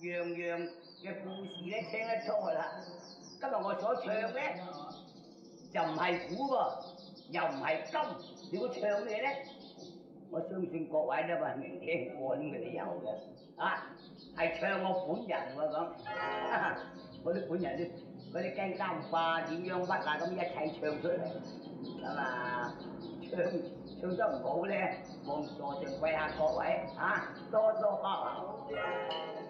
樣樣嘅故事咧聽得多啦，今日我所唱咧就唔係古喎，又唔係今，如果唱咩咧？我相信各位都唔係未聽過，咁佢哋有嘅啊，係唱我本人喎咁，我啲本人啲嗰啲雞生花點樣乜啊咁一切唱出嚟啊嘛，唱唱得唔好咧，望坐上跪下各位嚇多多交流。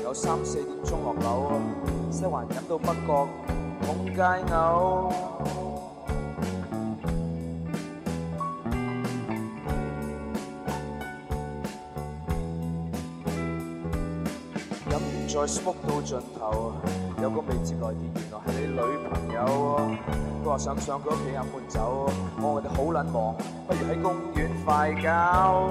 有三四點鐘落樓，西環飲到北角，痛街嘔，飲完再 p o o k 到盡頭，有個未接來電，原來係你女朋友哦，佢話想上佢屋企飲杯酒，我話我哋好冷漠，不如喺公園快交。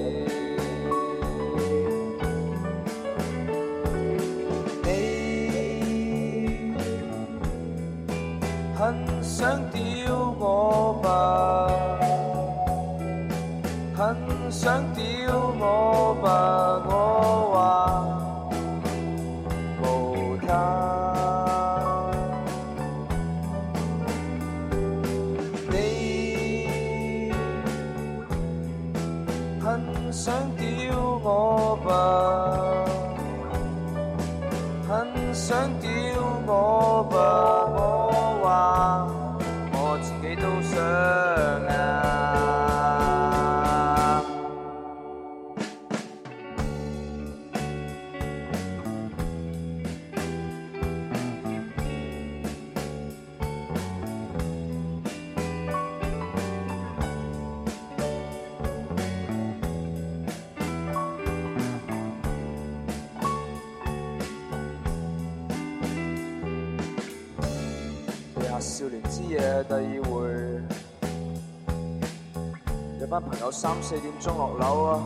三四點鐘落樓啊，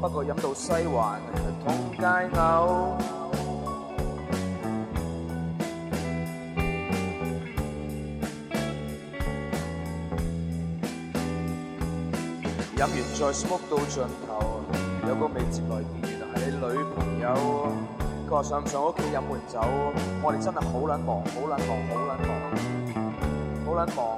不過飲到西環，通街嘔。飲完再 smoke 到盡頭，有個未接來電，原來係你女朋友。佢話想唔想屋企飲悶酒？我哋真係好撚忙，好撚忙，好撚忙，好撚忙。